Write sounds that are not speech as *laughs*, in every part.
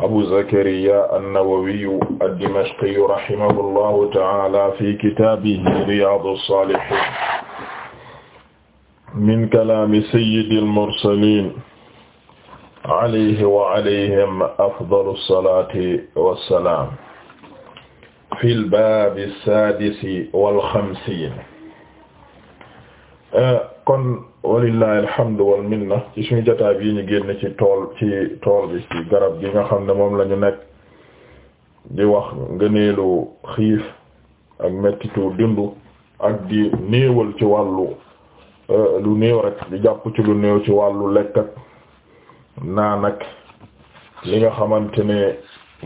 abu zakariya annawawiyu ad-dimashqiyu rahimahullahu ta'ala fi kitaabihi riyaadu saalihiin min kalaami sayyidil mursaliin alayhi wa alayhim afdalu salaati wa salaam fil baabi saadisi wal xamsiin Euh, kon walillahi alhamdu wal minna ci suñu jotaay bii ñu génn ci tool ci tool bi ci garab gi nga xam ne moom lañu ñu nekk di wax ngëneelu xiif ak mettitu dundu ak di néewal ci wàllu euh, lu néew rek di jàpp ci lu néew ci wàllu lekk naa nag li nga xamante ne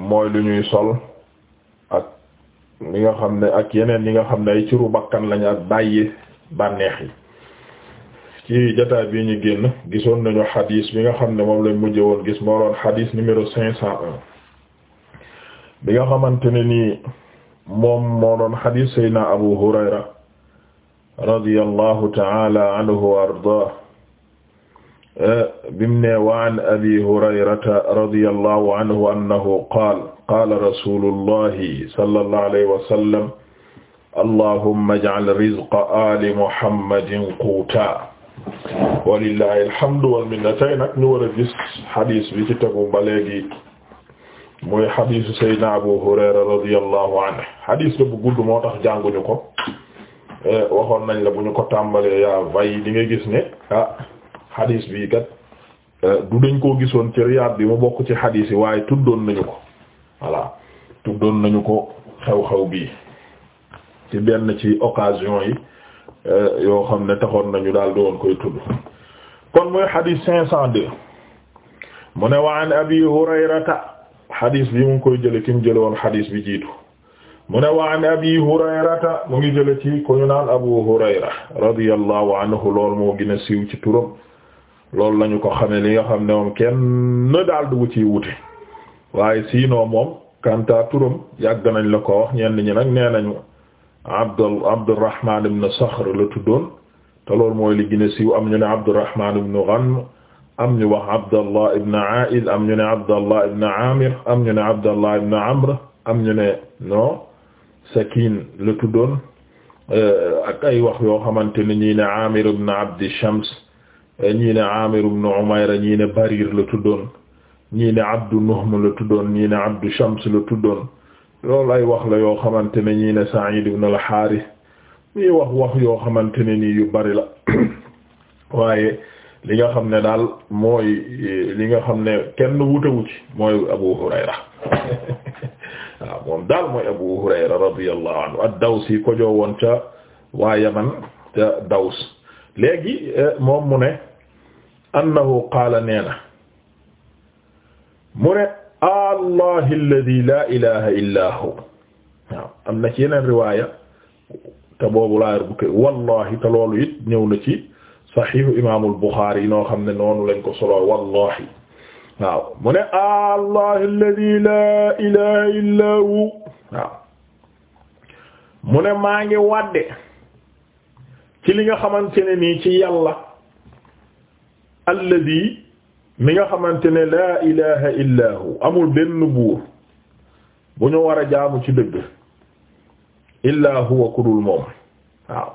mooy lu ñuy sol ak li nga xam ne ak yeneen yi nga xam ne ay ciru bakkan lañu ak bàyyi bànneex yi ci jotaay bi ñu génn gisoon nañu xadis bi nga xam ne moom lañ mujjee woon gis moo doon xadis numéro cinq cent un bi nga xamante ne nii moom moo doon xadis Seydina ta'ala anhu wa ardaah bim wa an abi hurayrata radiyallahu anhu annahu qaala qaala rasulullahi sallallahu alayhi wa sallam allahumma ij'al rizqa aali muhammadin quuta walillahi alhamdu wal minna nag ñu war a gis xadis bi ci tegu ba léegi mooy xadisu Seydina Abu Hurayra radiyallahu anhu xadis la bu gudd moo tax jànguñu ko eh, waxoon nañ la bu ñu ko tàmbalee yaa vay di nga gis ne xadiis ah, xadis bii kat eh, du dañ koo gisoon ci Riyaad bi mu bokk ci xadis yi waaye tuddoon nañu ko voilà tuddoon nañu ko xew-xew bii ci benn ci occasion yi Euh, yoo xam ne taxoon nañu daal di doon koy tudd kon mooy xadis cinq cent deux mu ne wa an abi hurayrata xadis bi mu ngi koy jële ki mu jële woon xadis bi jiitu mu ne wa an abi hurayrata mu ngi jële ci ko ñu naan abu hurayra radiyallahu anhu lool moo gën siiw ci turam loolu lañu ko xame li nga xam ne moom kenn daal du ci wute waaye siinoo moom kanta turam yàgg nañ la ko wax ñenn ñi nag nee nañu Abdul Abdurrahman ibn Sakhr la tuddoon te loolu mooy li gën am ñu ne Abdurrahman ibn Ghanm am ñu wax Abdallah ibn A'id am ñu ne Abdallah ibn am ñu ne Sakin la tuddoon euh, ak ay wax yoo xamante ne ñii ne Amir ibn Abdi Shams ñii ne Amir ibn ñii ne Barir la tuddoon ñii ne Nuhm la tuddoon ñii ne Abdu Shams la tuddoon loolu ay wax la yoo xamante ne ñii ne Sa'id ibn al-Harith ñii wax wax yoo xamante ne nii yu bari la *coughs* waaye li nga xam ne daal mooy li nga xam ne kenn wutewu ci mooy Abu Hurayra *coughs* waaw moom daal mooy Abu Hurayra radiyallahu anhu ad-Dawsi ko joo woon ca waa Yaman ca Daws léegi eh, moom mu ne annahu qaala nee na mu ne allahi alladi la illa hu waaw am na ci yeneen riwaaya te laayar bu ko wallahi te loolu ñëw na ci saxiixu imaamul Buxaari noo xam ne noonu lañ ko solo wallahi waaw mu ne allahi alladi la illa hu mu ne maa ngi wàdde ci li nga xamante ne nii ci yàlla alladi mi nga xamante ne laa ilaha illa hu amul benn buur bu ñu war a jaamu ci dëgg illa huwa kudul moom waaw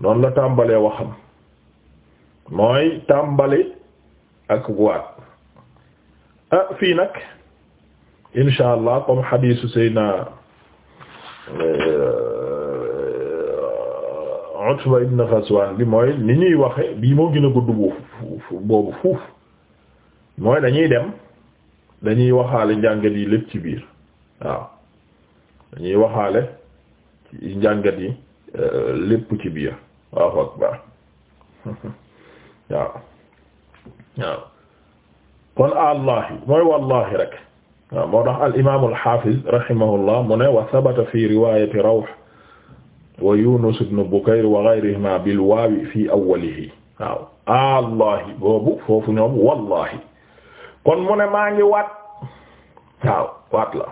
noonu la tàmbalee waxam mooy tàmbali ak waat ah fii nag insha allah comme xadiisu seyna euh, Utba mooy ni ñuy waxe bii moo gën a gudd dem dañuy waxaale njàngat yi lépp ci biir waaw dañuy waxaale njàngat yi euh, lépp ci biir waaw ak baax *laughs* waaw waaw kon allahi mooy wallahi rek al imaam al xaafiz rahimahullah mu ne wa sabata fi riwaayati rawh wa Yunus ibn Bukayr wa ghayrihima bil waawi fi awwalihi waaw allahi boobu foofu ñoom wallahi kon mu ne maa ngi waat waaw waat la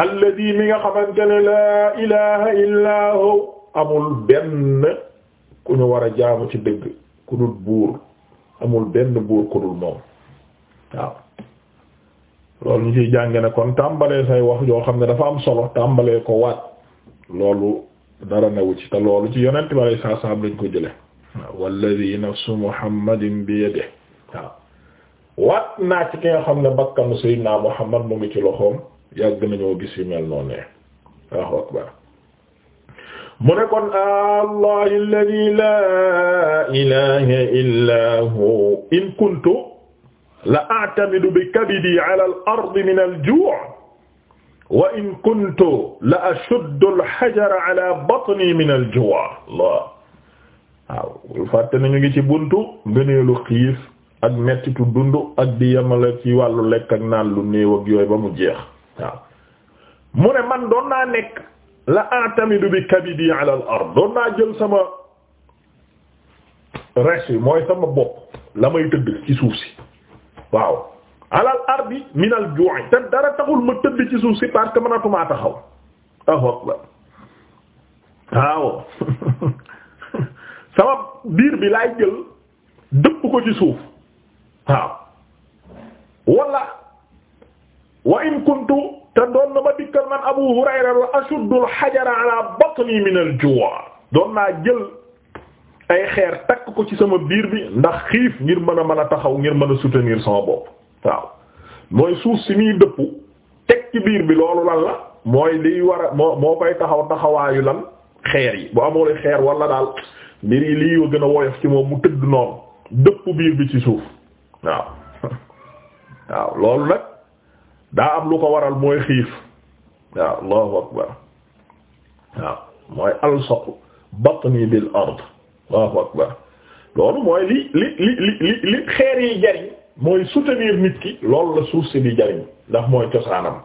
alladi mi nga xam ne laa ilaha illaa hu amul benn ku ñu war a jaamu ci dëgg ku dul buur amul benn buur ku dul moom waaw loolu ñu ciy jànge ne kon tàmbalee say wax yoo xam ne dafa am solo tàmbalee ko waat loolu dara newu ci te loolu ci yonent bi alay saa saam lañ ko jële waaw walladi nafsu muhammadin bi yadihi waaw waat naa ci ki nga xam ne bakkanu sayyidina muhammad mu ngi ci loxoom yàgg nañoo gis yu mel noonu ne waaw akbar mu ne kon allah alladi laa ilaha illa hu in kuntu la a'tamidu bi kabidi ala al ardi min al ju' wa in kuntu la ashuddu al-hajara ala batni min al-juu' Allah waaw lu fàtte ne ñu ngi ci buntu ngëneelu xiif ak mettitu dund ak di yemale ci wàllu lekk ak naan lu néew ak yooyu ba mu jeex waaw mu ne man doon naa nekk la atamidu bi kabidi ala al-ard doon naa jël sama res yi mooy sama bopp la may tëdd ci suuf si waaw alal ardi minal ju'i te dara taxul ma tëdd ci suuf si parce que mënatumaa taxaw waaw waaw *laughs* sama biir bi laay jël dëpp ko ci suuf waaw wala wa in kuntu te doon na ma dikkal man Abu Hurayra la ashuddu al-hajara ala batni min al-ju' doon naa jël ay xeer takk ko ci sama biir bi ndax xiif ngir mën a mën a taxaw ngir mën a soutenir sama bopp waaw mooy suuf si muy dëpp teg ci biir bi loolu lan la mooy liy war a moo moo koy taxaw taxawaayu lan xeer yi bu amul xeer wala daal mbir yi lii yoo gën a woyof ci moom mu tëdd noonu dëpp biir bi ci suuf waaw *laughs* waaw loolu nag daa am lu ko waral mooy xiif waaw allahu akbar waaw mooy alsaqu batni bil ard allahu akbar loolu mooy li li li li li xeer yi jariñ mooy soutenir nit ki loolu la suuf si di jariñ ndax mooy cosaanam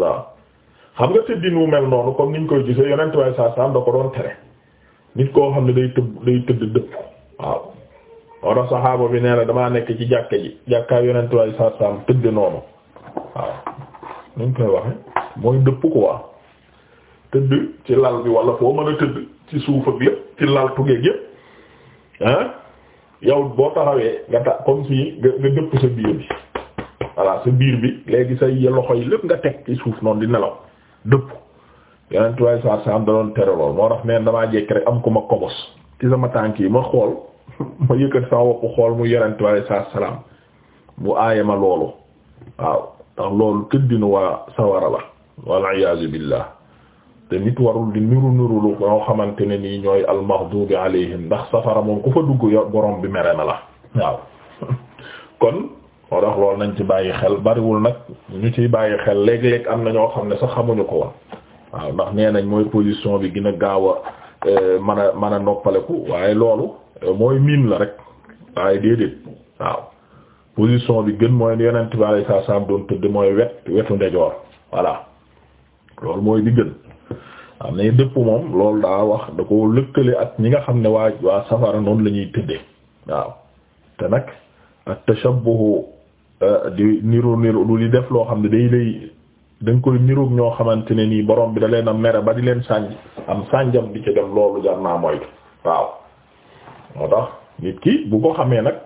waaw xam nga tëddin wu mel noonu comme niñ koy gisee yonent waaye da ko doon tere nit koo xam ne day tëb day tëdd dëpp waaw moo tax saxaaba bi nee na damaa nekk ci jàkka ji jàkkaay yonent waaye saa saam tëdd noonu waaw nuñ koy waxe mooy dëpp ko waaw tëdd ci lal bi wala foo mën a tëdd ci suufa bi yëpp ci lal tugeeg yëpp ah yow boo taxawee nga ta comme si nga nga dëpp sa biir bi voilà sa biir bi léegi sa loxo yi lépp nga teg ci suuf noonu di nelaw dëpp yeneen tubaab saa saa am da doon tere lool moo tax neen damaa jekk rek am ku ma kobos ci sama tànk yi ma xool *laughs* ma yëkkat sama wopp xool mu yeneen tubaab saa salaam mu aaye ma loolu waaw ndax loolu këddinu waa sawara la wal iyaazu billah te nit warul di niru niru lu ñoo xamante ne nii ñooy almaghdubi alayhim ndax safara moom ku fa dugg yo borom bi mere na la waaw kon moo tax loolu nañ ci bàyyi xel bariwul nag ñu ci bàyyi xel léegi léeg am na ñoo xam ne sax xamuñu ko woon waaw ndax nee nañ mooy position bi gën a gaaw a euh, mën a mën a noppaleku waaye loolu euh, mooy miin la rek waaye déedéet waaw position bi gën mooy yonent bi alayhi doon tëdd mooy wet wetu ndejoor voilà loolu mooy bi gën. am na dëpp moom loolu daa wax da ko lëkkale ak ñi nga xam ne waa waa safara noonu la ñuy tëddee waaw te nag ak tashabbuhu euh, di niru niru lu li def loo xam ne day lay da nga koy niru ñoo xamante ne nii borom bi da leen a mere ba di leen sànj am sànjam di ci def loolu jar moytu waaw moo tax nit ki bu ko xamee nag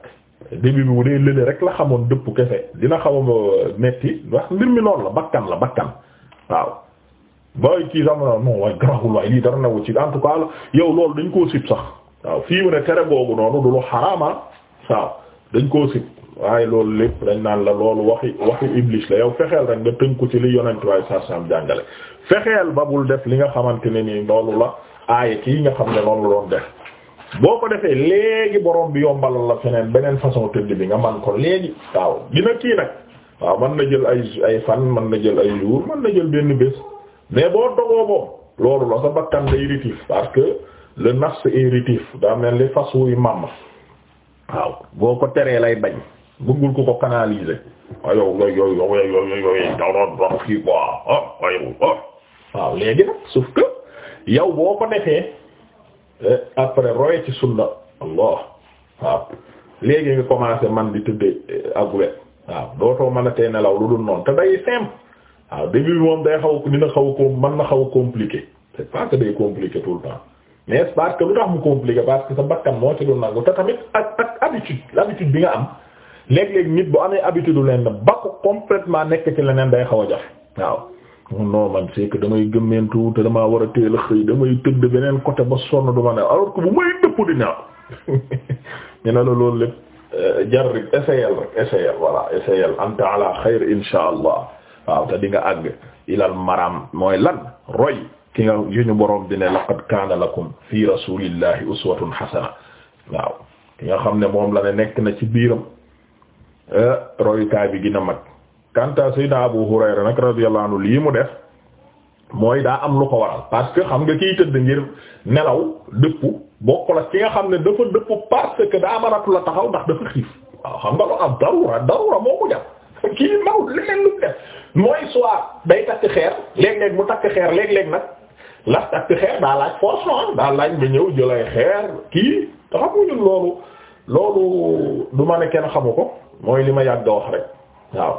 début bi bu dee lële rek la xamoon dëpp kese dina xaw a metti wax mbir mi loolu la bakkan la bakkan waaw bay kii sax ma non waaye garaawul waaye lii dara newu ci en tout yow loolu dañ koo sib sax waaw fii mu tere googu noonu du lu xaraama waaw dañ koo waaye loolu lépp dañ naan la loolu waxi waxi iblis yow fexeel rek nga tënku ci li yonent waaye saa saam jàngale fexeel ba bul def li nga xamante ne nii loolu la aaye kii nga xam ne noonu la doon def boo ko defee léegi borom bi yombalal la feneen beneen façon tëdd bi nga man ko léegi waaw dina kii nag waaw man na jël ay ay fan man na jël ay jours mën na jël benn bés mais boo dogoo moom loolu la sa bakkan day rétif parce que le nafs est rétif daa mel ni fas màmm waaw boo ko teree lay bañ bëggul ko ko canaliser waaw yow yow yow yow yow yow yow daw léegi nag sauf que yow boo ko defee après roye ci sunna allah waaw léegi nga commencé man di tëdd ak wet waaw dootoo mën a te nelaw lu dul noonu te day simple waaw début moom day xaw dina xaw ko mën na xaw compliqué c'est pas que day compliqué tout le temps mais c'est lu tax mu compliqué parce que sa bakkan moo ci du nangu te tamit ak ak habitude l'habitude bi nga am léeg-léeg nit bu amee habitude lu leen ba ko completement nekk ci leneen day xaw a jafe waaw. non man c'est que damay gëmmeentu te damaa war a teel a xëy damay tëdd beneen côté ba sonn du ma ne alors que bu may dëpp di nelaw *laughs* ñu la loolu lépp euh, jar rek essayel rek essayel voilà essayel anta waaw te di nga àgg ilal mooy lan roy ki nga yu ñu borom bi ne laqad kaana lakum fi rasulillahi uswatun hasana waaw ki nga xam ne moom la nekk na ci biiram eh, royukaay bi gën mag kanta sayyidina Abu Hurayra nag radiyallahu anhu lii mu def mooy daa am lu ko waral parce que xam nga kiy tëdd ngir nelaw dëpp bokk la ki nga xam ne dafa dëpp parce que daa maratu la taxaw ndax dafa xiif waaw xam nga lu am darura darura moo ko jàpp kii maw leneen lu mu def mooy soit léeg-léeg mu takk xeer ah, ma ne kenn xamu ko mooy li ma yàgg wax rek waaw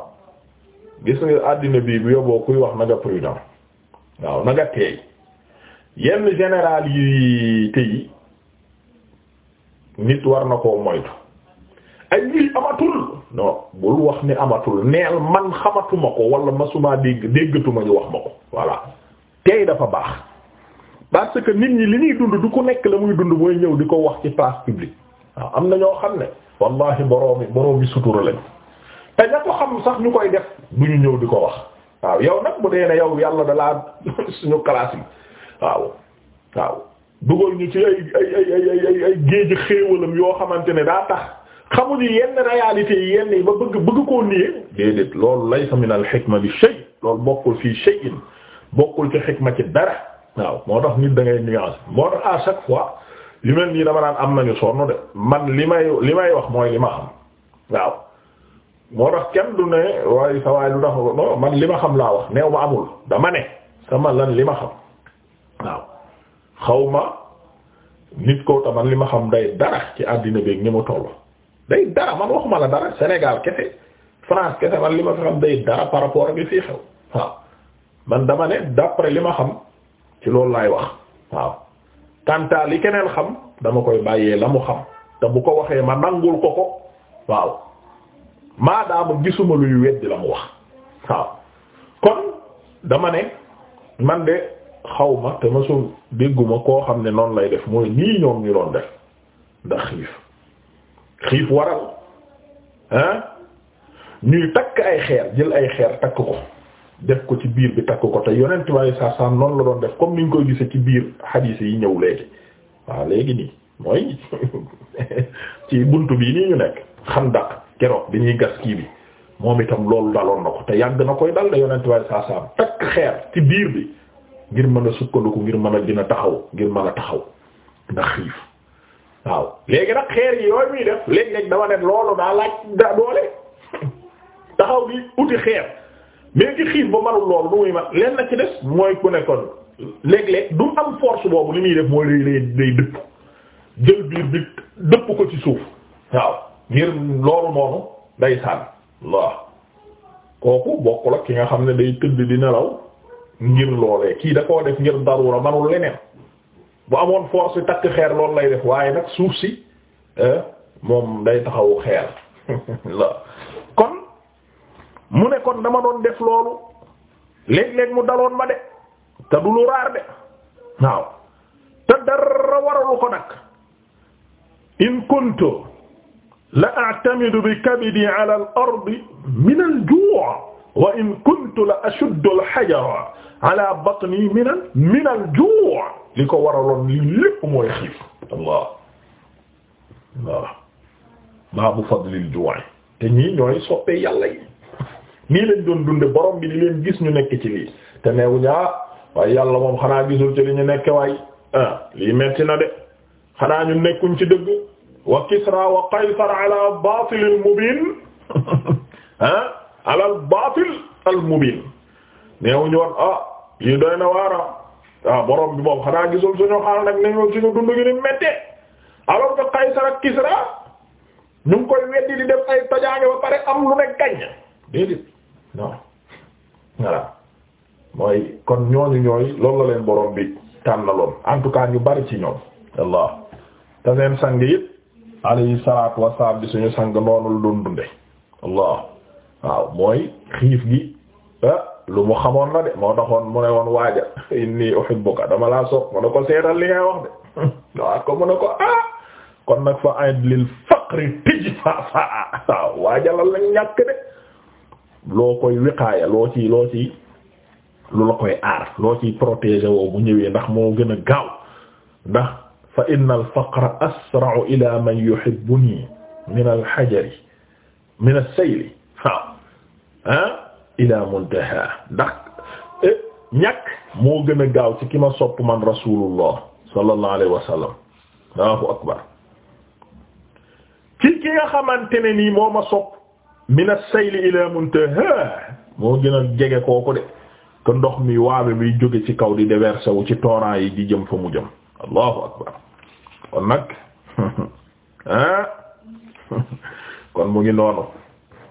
gis àddina bi bu yóbboo kuy wax na nga prudent waaw na teey yenn général yi tey nit war na koo moytu ay lii amatul non bul wax ni amatul neel man xamatuma ko wala masuma dégg déggatuma ñu wax ma ko voilà tey dafa baax parce nit ñi li ñuy dund du ku nekk la muy dund mooy ñëw di ko wax ci place publique waaw am na ñoo xam ne wallahi boroomi boroomi sutura te ña ko xam sax ñu koy def du ñu ñëw di ko wax waaw yow nag bu dee ne yow yàlla dalaa *laughs* suñu classe yi waaw waaw dugal ñu ci ay ay ay ay ay géej xéewalam yoo xamante ne daa tax xamuñu yenn réalités yi yenn yi ba bëgg bëgg koo nier déedéet loolu laysa min al xikma bi shay loolu bokkul fii shay'in bokkul ci xikma ci dara waaw moo tax nit da ngay moo tax à chaque fois li mel nii dama naan am ñu sonn de man li may li may wax mooy li ma xam waaw moo tax kenn du ne waaye sa waay lu tax non man li ma xam laa wax neew ma amul dama ne sama lan li ma xam waaw xaw ma nit koo taman li ma xam day dara ci àddina beeg ñi mu toll day dara man waxuma la dara Sénégal kese France kese man li ma fi xam day dara par rapport ak li fii xew waaw man dama ne d'après li ma xam ci loolu laay wax waaw kanta li keneen xam dama koy bàyyee la mu xam te bu ko waxee ma nangul ko ko waaw maadaama gisuma luy weddi la mu wax waaw kon dama ne man de xaw ma te ma su dégguma koo xam ne noonu lay def mooy nii ñoom ñu doon def ndax xiif xiif waral ah ñuy takk ay xeer jël ay xeer takk ko def ko ci biir bi takk ko te yonent waaye saa noonu la doon def comme ni ñu koy gisee ci biir xadiis yi ñëw léegi waaw léegi nii mooy *laughs* ci bunt bi nii ñu nekk xandak keroog bi ñuy gas kii bi moom itam loolu daloon na ko te yàgg na koy dal da yonent waaye saa saa takk xeer ci biir bi ngir mën a sukkandiku ngir mën a dina taxaw ngir mën a taxaw ndax xiif waaw léegi nag xeer yi yooyu muy def léeg-léeg dama dem loolu daa laaj da doole taxaw bi uti xeer mais ki xiif ba marul loolu du muy ma leen na ci des mooy ku nekkoon léeg-léeg du am force boobu li muy def mooy lay lay dëpp jël biir bi dëpp ko ci suuf waaw ngir loolu noonu day sànn waaw kooku bokkul ak ki nga xam ne day tëdd di nelaw ngir loolee kii da koo def ngir darura manul leneen bu amoon force si takk xeer loolu lay def waaye nag suuf si eh, moom day taxawu xeer *laughs* kon mu ne kon dama doon def loolu léeg mu daloon ma de te du lu raar de waaw te dara waralu ko nag in kuntu la a'tamidu bi kabidi ala al-ardi min al-ju' wa la ashuddu al-hajara batni min min li ko waraloon li lépp mooy xiif allah waaw baabu fadlil ju'i te ñii ñooy soppee yàlla nii lañ doon dunde borom bi di leen gis ñu nekk ci lii te neewuñu ah waaye yàlla moom xanaa gisul ci li ñu nekk waay ah lii metti na de xanaa ñu nekkuñ ci dëgg wa kisra wa qaysar ala batil *laughs* ah, al mubin ah ala al batil al mubin neewuñu woon ah lii doy na waara waaw ah, borom bi moom xanaa gisul suñu xaal nag ne ñoom suñu dund gi ni métte alors que Qaysar ak Kisra ñu ngi koy weddi di def ay tojaange ba pare am lu ne gaññ déedéet loolu la bi tànnaloon tout cas ñu bari ci ñoom allah te seen sang it alayhi salaatu wasalaam bi suñu sang noonu lu doon dunde waaw mooy xiif gi ah, lu mu xamoon la de moo taxoon mu ne woon waaja inni uhibbuka dama laa sopp mu ne ko seetal li ngay de *laughs* ko mu ne ko ah kon nag fa aid lil faqri tijfafa waaw waajalal la ñàkk de loo koy wiqaaya loo ci loo ci lu loo ciy protéger woo bu ñëwee ndax moo gën a gaaw ndax fa inna al ila man yuhibbuni min al hajari min as ila muntaha ndax eh, ñàkk moo gën a gaaw ci ki ma sopp man rasulullah sallallahu alayhi wa sallam allahu akbar ci ki nga xamante ne moo ma sopp min as-sayl ila muntaha moo gën a jege kooku de que ndox mi waawe bi jóge ci kaw di déverser wu ci torrent yi di jëm fa mu jëm allahu akbar kon nag *laughs* ah *laughs* kon mu ngi noonu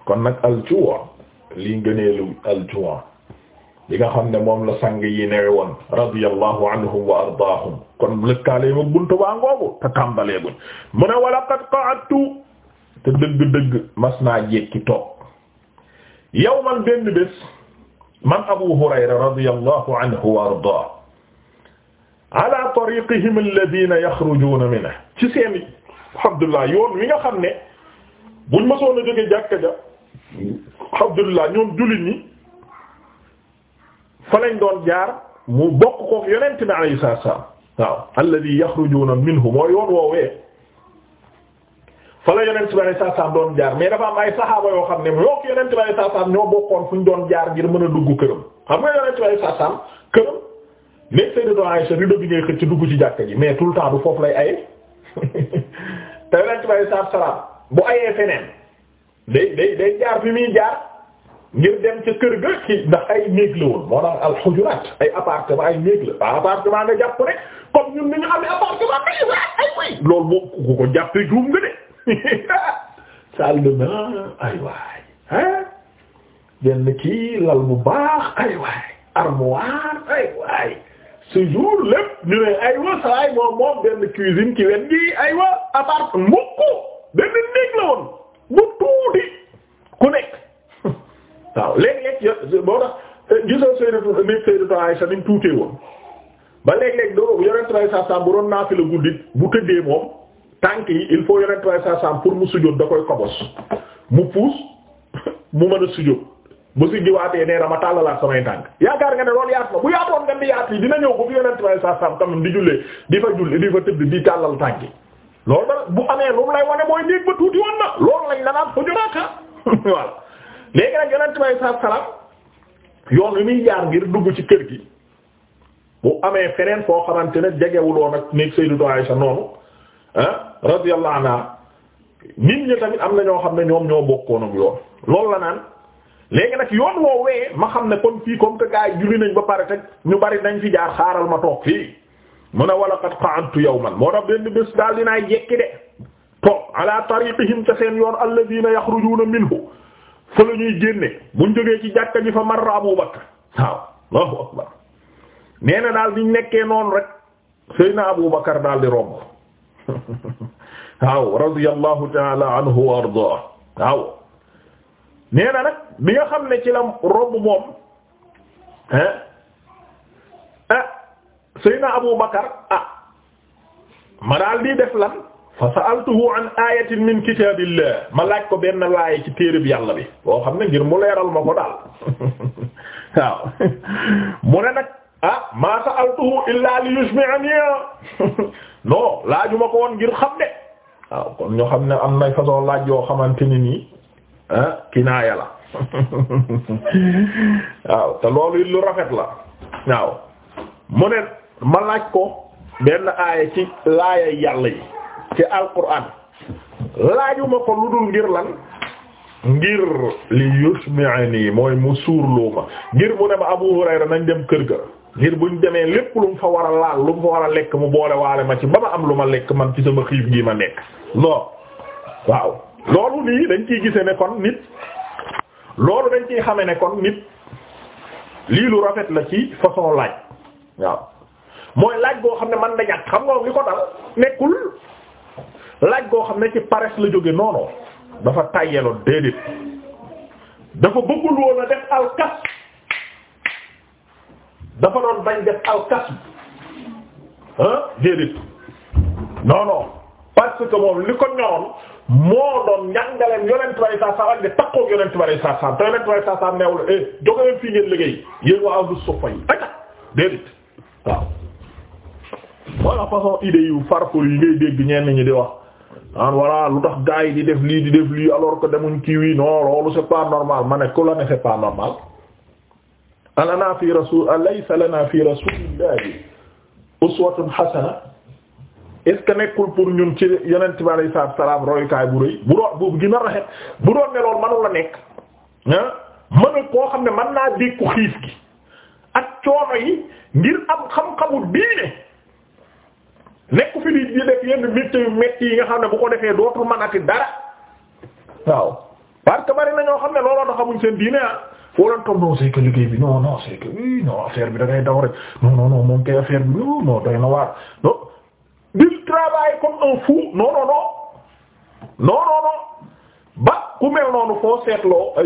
kon nag al-juwa lii ngëneelu li nga xam ne moom la sang yi newe woon radiyallahu anhum wa kon lëkkaale ma buntu baa ngoobu te tàmbalee wala qad qa'adtu te dëgg-dëgg mas naa jékki toog yow man benn bés man Abu Hurayra radiyallahu anhu wa ardaah ala tariqihim alladhina yaxrujuuna minhu ci xam ne buñ mësoon a jóge jàkka alhamdulilah ñoom jullit ñi fa lañ doon jaar mu bokk koog yonent bi alayhi salaam waaw alladhi yaxrujuuna minhu mooy yoon woowee fa la yonent bi alayhi salaam doon jaar mais dafa am ay saxaaba yoo xam ne ñoo ko yonent bi alayhi salaam ñoo bokkoon fu ñu doon jaar ngir mën a dugg këram xam nga yonent ay alayhi salaam këram nekk Sayyidatu Aisha rido bi ngay xëcc ci dugg ci jàkka ji mais tout le temps du foofu lay aye *laughs* te yonent bi alayhi salaam bu ayee feneen. day day day jaar fi muy jaar ngir dem ca kër ga ci ndax ay néeg la woon moo tax alxujuraat ay appartement ay néeg la waaw appartement nga jàpp rek comme ñun ni ñu amee appartement ay waay ay waay loolu ku ko jàppee juum nga de *laughs* salle de bain ay waay ah benn kii lal bu baax ay waay armoire ay waay séjour lépp ñu ne ay wa saa yi moom moom benn cuisine ci wet gi ay wa appart mbokku benn néeg la woon. tuuti ku nekk waaw léeg-léeg yo- boo tax eh, gisoo Sayyidatu nit Sayyidatu Aisha sa mu tuutee woon ba léeg-léeg doo yonent bi saa saam bu doon naafila guddi bu tëddee moom tànk yi il faut yonent bi saa saam pour mu sujjóot da koy kobos mu puus *laughs* mu mën a sujjóot bu si jiwaatee nee na ma tàllalaat samay tànk yaakaar nga ne loolu yaat ma bu yaatoon nga ni yaat yi dina ñëw bu fi yonent bi saa saam tamit di jullee di fa julli di fa tëdd di tàllal tànk loolu dara bu amee lu mu lay wane mooy néeg ba tuuti woon na loolu lañ la naan xujuraata ah. *laughs* voilà léegi nag yonent bi saa salaam yoon yu muy jaar ngir dugg ci kër gi bu amee feneen foo xamante ne jegewuloon ak néeg Sayyidatu Aisha noonu ah radiyallahu anha nit ñi tamit am na ñoo xam ne ñoom ñoo bokkoon ak yoon loolu la naan léegi nag yoon woowee ma xam ne kon fii comme que gaa yi julli nañ ba pare teg ñu bari nañ fi jaar xaaral ma toog fii. mu ne wala qad qa'adtu yawman moo tax benn bés daal dinaa jekki de to ala tariqihim ca seen yoon alladina yaxrujuuna minhu fa la ñuy génne buñ jógee ci jàkka ji fa marra Abu Bakr waaw Allahu akbar nee na daal diñ nekkee noonu rek Seydina Abu Bakr daal di romb *laughs* waaw radiyallahu ta'ala anhu wa ardaa waaw nee na nag bi nga xam ne ci la romb moom ah Seyna Abu Bakar ah ma daal di fa sa'altuhu an ayatin min kitaabillah ma laaj ko benn laay ci téereb yàlla bi boo xam ne ngir mu leeral ma ko daal *laughs* waaw mu ne nag ah ma sa'altuhu illaa li yushmi'ani *laughs* non laaju ma ko woon ngir xam de waaw kon ñu xam ne am na façon laaj yoo xamante ni nii ah kinaaya la *laughs* waaw te loolu it lu rafet la waaw mu ne ma laaj ko benn aaya ci laayay yàlla yi ci alquran laajuma ko lu dul ngir lan ngir li yusmi'ani mooy mu suurloo ma ngir mu ne ma Abu Hurayra nañ dem kër ga ngir ñu demee lépp lu mu fa war a laal lu mu fa war a lekk mu boole waale ma ci ba ma am lu ma lekk man ci sama xiif gi ma nekk non waaw loolu nii dañ ki gise ne kon nit loolu dañ ciy xame ne kon nit lii lu rafet la ci façon laaj waaw mooy laaj goo xam ne man da ñàkk xam nga li ko dal nekkul laaj goo xam ne ci paresse la jóge noonu dafa tàyyeloon déedéet dafa bëggul woon a def alkas dafa doon bañ def alkas ah déedéet non non parce que moom li ko ñoroon moo doon njàngaleen yonent bari saa saa ak di takkook yonent bari saa saa te yonent bari saa eh, fii ngeen liggéey yéen waa ahlus suffa yi aca déedéet waaw wala façon idée yu farfol yi ngay dégg ñenn ñi di wax naan voilà lu tax gars di def lii di def lii alors que demuñ kii wi non loolu c'est pas normal ma ne ku la ne c'est pas normal alana fi rasul alaysa lana fi rasulillahi uswatun hasana est-ce que nekkul pour ñun ci yonent bi alayhi salaatu salaam royukaay bu rëy bu doon bu gën a bu doon ne loolu la nekk ah koo xam ne man naa dégg xiif gi ak coono yi ngir am xam-xamu diine nekk fi di def yenn métti yu yi nga xam ne bu ko defee dootul mënati dara que bari na ñoo xam ne looloo tax xamuñ seen diine ah bi non non c'est que oui non affaire bi da ngay daw rek non non non moom kay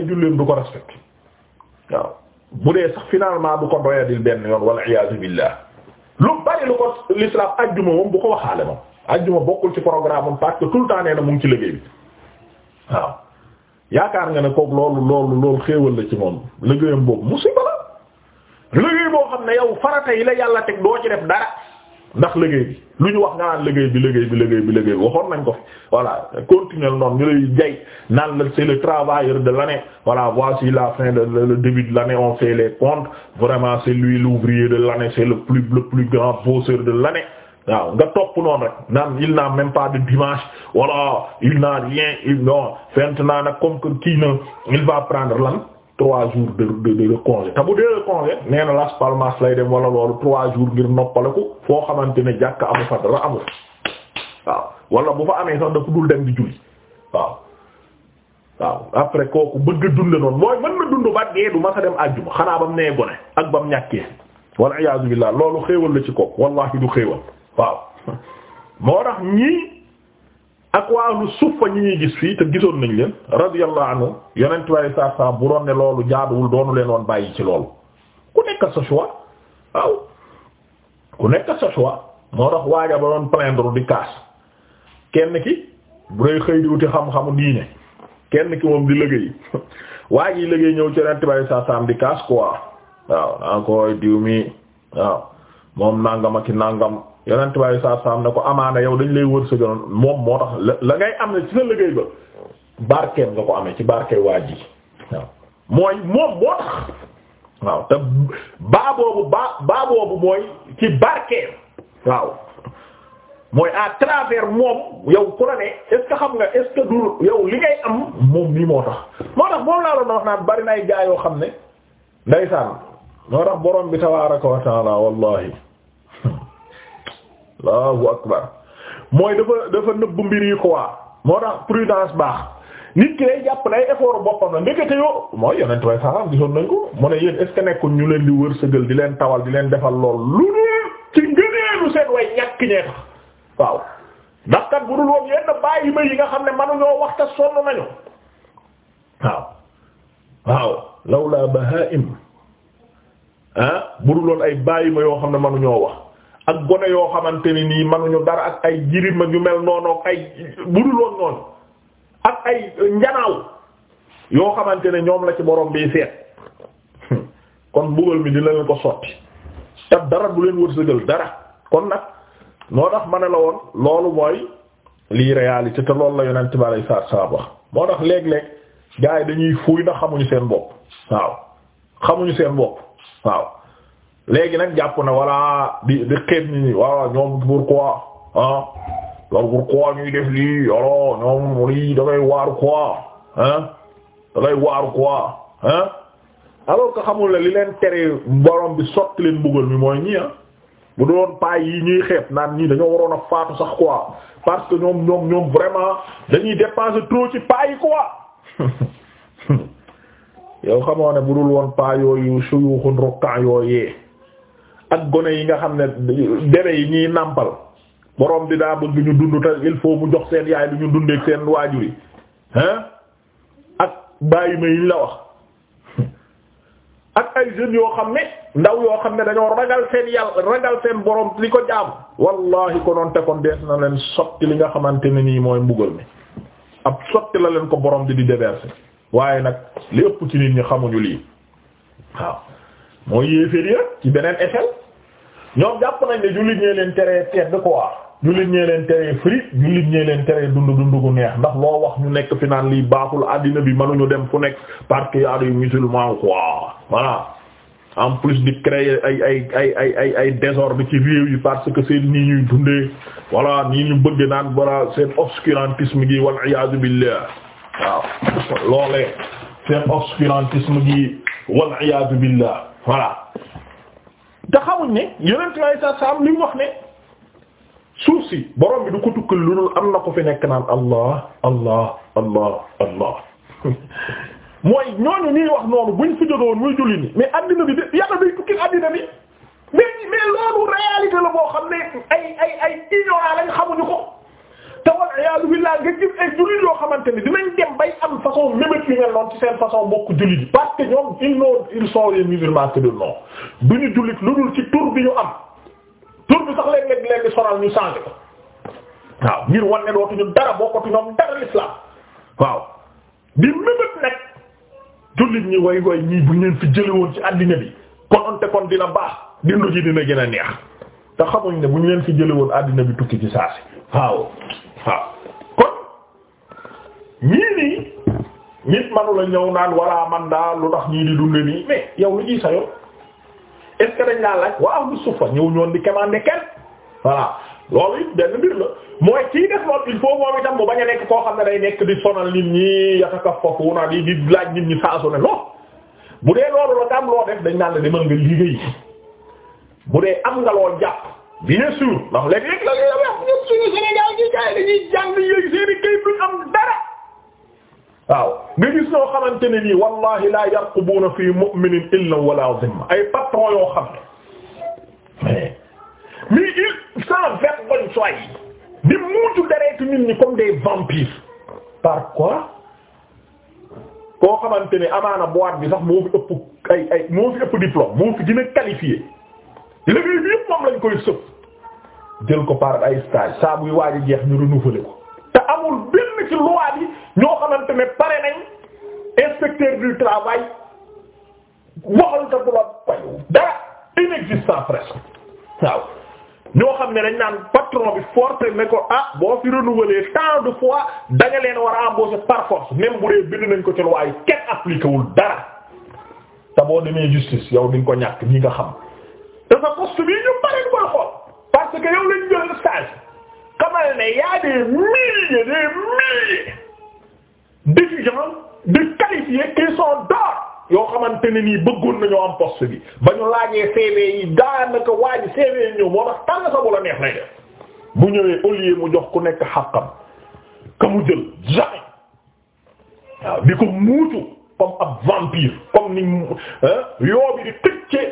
du ko respecté bu dee sax finalement du ko doyadil benn yoon wal iyaazu billah lu bari lu ko l'islam ajjuma moom bu ko waxaale moom ajjuma bokkul ci programme am parce que tout le temps nee na mu ngi ci liggéey bi waaw yaakaar nga ne kook loolu loolu loolu xéewal la ci moom liggéeyam boobu musiba la liggéey boo xam ne yow farata yi la yàlla teg doo ci def dara ndax liggéey bi lu ñu wax nga naan liggéey bi liggéey bi liggéey bi liggéey waxoon nañ ko fi voilà continuer noonu ñu lay jay naan la c'est le travailleur de l'année voilà voici la fin de la début de l'année on fait les comptes vraiment c'est lui l'ouvrier de l'année c'est le plus la plus grand bosseur de l'année waaw nga topp noonu rek naan il n'a même pas de dimanche voilà il n'a rien il non fent naa nag comme que kii na il va prendre lan trois jours de de de congé te bu dee congé nee na Las Palmas lay dem wala loolu trois jours ngir noppaleku foo xamante ne jàkk amu fa dara amu fa waaw wala bu fa amee sax dafa dul dem di julli waaw waaw après kooku bëgg a dund noonu mooy mën na dund ba dee du ma sa dem àjjuma xanaa ba mu nee gone ak ba mu ñàkkee wal iyaazu billaah loolu xéewal la ci kooku wallahi du xéewal waaw *laughs* moo tax ñii ak waa ahlu suffa ñi ñuy gis fii te gisoon nañ leen radiyallahu anhu yonent waaye saa saa bu doon ne loolu jaaduwul doonu leen bàyyi ci loolu ku nekk sa waaw ku nekk sa moo tax waaja ba doon plaindre di kaas kenn ki bu dee xëy di wuti xam-xamu diine kenn ki moom di liggéey *laughs* waa ji liggéey ñëw ci yonent waaye saa saa am di kaas quoi waaw naa koy diw mi waaw moom nangam ak nangam. yonent bi saa saam ne ko amaana yow dañu lay wërsëgal moom moo tax la la ngay am ne ci sa liggéey ba barkeem nga ko amee ci barke waa ji waaw mooy moom moo tax waaw te baa boobu baa baa boobu mooy ci barkeem waaw mooy à moom yow ku la ne est xam nga est ce du yow li ngay am moom nii moo tax moo tax moom laa doon wax naan bari na gaa yoo xam ne ndeysaan moo tax borom bi tabaaraka wa wallahi allahu akbar mooy dafa dafa nëbb mbir yi quoi moo tax prudence baax nit ki lay jàpp nay effort boppam la ndekete yoo mooy yonent way saxam gisoon nañ ko mu ne yéen est nekkul ñu leen di wërsëgal di leen tawal di leen defal lool lu dul ci ngëneelu seen way ñàkk ñee tax waaw ndax kat bu dul woon yenn bàyyi ma yi nga xam ne manuñoo waxta sonn nañu waaw waaw lawla bahaim ah bu dul woon ay bàyyi ma yoo xam ne manuñoo wax ak gone yoo xamante ne nii manuñu dara ak ay jirima ñu mel noonu ak ay buduloon noonu ay yoo xamante ne ñoom la ci boroom bi seet *laughs* kon bugal mi dina leen ko sotti te dara du leen wërsëgal dara kon nag moo tax ma ne la woon loolu mooy lii réalité te loolu la yonent bi alayhi salaatu salaam moo tax léeg-léeg gars yi dañuy fuuy na xamuñu seen bopp waaw xamuñu seen bopp waaw léegi nag jàpp na voilà di di xeeb ni waaw ñoom pourquoi ah loolu pourquoi ñuy def lii yoro ñoom lii da ngay waaru quoi ah da ngay waaru quoi ah alors xamul la li leen tere borom bi sotti leen mbugal mi mooy ñi ah bu doon paay yi ñuy xeeb naan ñii dañoo waroon a faatu sax quoi parce que ñoom ñoom ñoom vraiment dañuy dépenser trop ci paay yi quoi *laughs* yow xamoo ne bu dul woon paay yooyu suyuxun rukka yooyee ak gone yi nga xam ne dere yi ñuy nàmpal borom bi daa bëgg ñu dund te il faut mu jox seen yaay du ñu dundeek seen waajur yi hein ak bàyyi ma yiñ la wax ak ay jeunes yoo xam ne ndaw yoo xam ne dañoo ragal seen yàlla ragal seen boroom li ko jaamu wallahi konoon te kon dees na leen sotti li nga xamante ne nii mooy mbugal mi ab sotti la leen ko boroom di di déverser waaye nag li ëpp ci nit ñi xamuñu lii waaw moo yéeféer ya ci beneen échelle ñoo jàpp nañ ne jullit ñee leen teree tedd quoi jullit ñee leen teree fri jullit ñee leen teree dund dund gu neex ndax loo wax ñu nekk fi naan lii baaxul àddina bi mënuñu dem fu nekk parce que yaa du musulman quoi voilà en plus di créer ay ay ay ay ay ay désordre ci réew yi parce que seen nii ñuy dundee voilà nii ñu bëgg naan bara seen obscurantisme gi wal iyaadu billah waaw loolee seen obscurantisme gi wal iyaadu billah voilà te xamuñ ne yeneen lay sa saam li wax ne suuf si borom bi du ko tukkal lu dul am na ko fi nekk naan allah allah allah allah *laughs* mooy ñooñu ñuy wax noonu buñ fi jógoon muy julli ni mais addina bi de yàlla day tukkil addina bi mais mais loolu réalité la boo xam ne ay ay ay ignorant lañ xamuñu ko tawal iyaadu billaah nga gis ay jullit yoo xamante ni dinañ dem bay am façon mébét yu mel noonu ci seen façon bokk jullit yi parce que ñoom ils n'ont ils sont les musulmans que jullit lu dul ci tur bi ñu am tur bi sax léeg-léeg leen ñu changé ko waaw ngir wan ne dootuñu dara bokkatu ñoom dara l'islam waaw di mébét nag jullit ñi way way ñii bu ngeen fi jëlee woon ci àddina bi kononte kon dina baax dindu ji dina gën a neex te xamuñ ne bu ñu leen fi jëlee woon àddina bi tukki ci saasi waaw waaw kon ñii nii nit manu ñëw naan walla man daal lu tax ñii di dunde nii mais yow lu ñuy sayoon est-ce que laa laaj waa ahlu ñëw ñoon di commandé kenn voilà loolu it benn mbir la mooy kii def loolu il faut moom itam mu bañ a nekk koo xam ne day nekk di sonal nit ñi yataka foofu na di di laaj nit ñi saasu ne non bu dee loolu la tam loo def dañ naan la demal nga liggéey bu dee am nga loo jàpp bien sûr ndax léeg-léeg la ngay wax ñun suñu Sénégal gi dañuy jàng dara waaw nga gis ñoo xamante ne nii wallahi la yarqubuna fi mu'minin illa wala dhimma ay patron yoo xam ne mais il sans vergogne soit di muucu deretu nit ñi comme des vampires par quoi koo xamante ne amaana boîte bi sax moo fi ëpp ay moo fi ëpp diplôme moo fi gën a qualifié liggéey bi yëpp moom lañ koy sëf jël ko par ay stage saa buy waaj a jeex ñu renouveler ko te amul benn ci loi bi ñoo xamante ne pare nañ inspecteur du travail waxal ta dula payu dara inexistant presque waaw ñoo xam ne dañ naan patron bi forte ne ko ah boo fi renouveler tant de fois da nga leen war a embaucher par force bu dee bind nañ ko ci loi yi kenn appliqué wul dara te boo demee justice yow di nga ko ñàkk ñi nga xam te sa poste bii ñu bari ñu koy xool parce que yow lañ jël stage xamal ne y'a des milliers des milliers d'étudiants de qualifiés qui sont d'or yoo xamante ne nii bëggoon nañoo am poste bi ba ñu laajee CV yi daanaka waa ji CV yi ñëw moo tax tànn sa bu neex lay def bu ñëwee au lieu mu jox ku nekk xàqam ka mu jël jamais waaw di ko comme ab vampire comme ni yoo bi di xëcce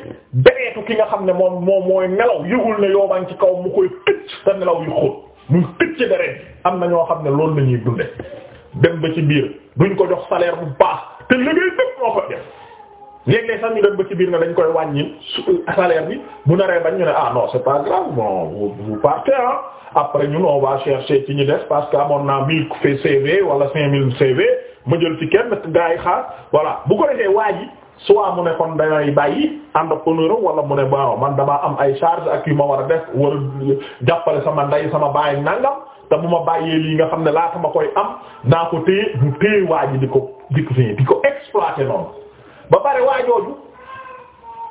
dereetu ki nga xam ne moom moom mooy nelaw yëgul ne yoo baa ci kaw mu koy xëcc te nelaw yu xóot muy xëcc dereet am na ñoo xam ne loolu la ñuy dunde dem ba ci biir duñ ko jox salaire bu baax te liggéey bépp moo koy def léeg ba ci biir ne dañ koy wàññil salaire bi bu naree bañ ñu ne ah non c'est pas grave bon vous vous partez ah après ñun on va chercher ci ñu def parce que amoon naa 1000 CV wala 5000 CV. ma jël ci kenn gaa yi xaar voilà bu ko defee waa ji soit mu ne kon damay bàyyi ànd ak honneur wala mu ne ba man damaa am ay charge ak yu ma war a def war a jàppale sama ndey sama baay nangam te bu ma bàyyee lii nga xam ne laata ma koy am naa ko téye bu téye waa ji di ko di ko di ko exploiter noonu ba pare waajooju